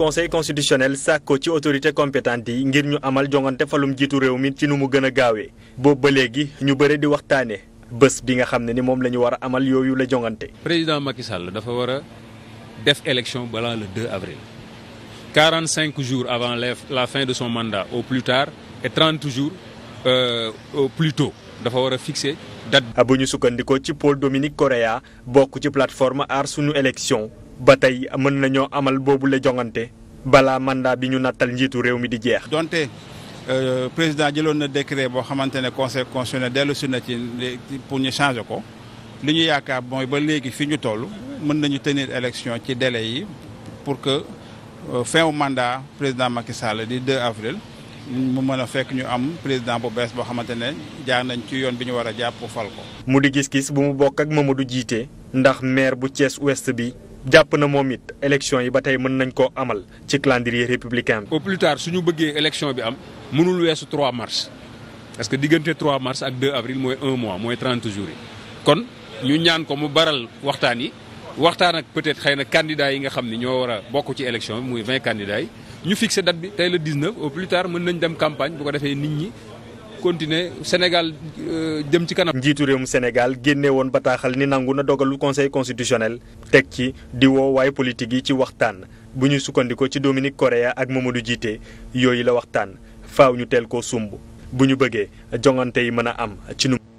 conseil constitutionnel sàkko ci autorité compétente yi ngir ñu amal jongante falum jiitu réew mi ci nu mu gën a gaawee boobu ba léegi ñu bëre di waxtaane bés bi nga xam ne ni moom la ñu war a amal yooyu la jongante. président Macky Sall dafa war a def élection balaa le 2 avril 45 jours avant la fin de son mandat au plus tard et 30 jours euh, au plus tôt dafa war a fixer date. bu ñu sukkandikoo ci Paul Dominique Correa bokk ci plateforme aar sunu élection. ba tey mën nañoo amal boobu la jongante balaa mandat bi ñu nattal njiitu réew mi di jeex. donte euh, président jëloon na décret boo xamante ne conseil constitutionnel dellusi na ci pour ñu changer ko li ñu yaakaar mooy ba léegi fi ñu toll mën nañu tenir élection ci délai yi pour que euh, fin wu mandat président Macky Sall di 2 avril. mu mën a fekk ñu am président bu bees boo xamante ne jaar nañ ci yoon bi ñu war a jàpp fal ko. mu di gis-gis bu mu bokk ak du Jiite ndax maire bu Thiès Ouest bi jàpp na moom it élection yi ba tey mën nañ koo amal ci calendrier républicain bi. au plus su ñu bëggee élection bi am mënul weesu 3 mars parce que diggante trois mars ak 2 avril mooy 1 mois mooy 30 jours yi kon ñu ñaan ko mu baral waxtaan yi waxtaan ak peut-être xëy na candidats yi nga xam ni ñoo war a bokk ci élection muy 20 candidats yi ñu fixé date bi tey le 19 au plus mën nañ dem campagne bu ko defee nit ñi. continuer Sénégal euh, jëm ci kanam. njiitu réewum Sénégal génne woon bataaxal ni nangu na dogalu conseil constitutionnel teg ci di woowaay politique yi ci waxtaan bu ñu sukkandikoo ci Dominique Correa ak Mamadou Djité yooyu la waxtaan faaw ñu teel koo sumb bu ñu bëggee jongante yi mën a am ci nu.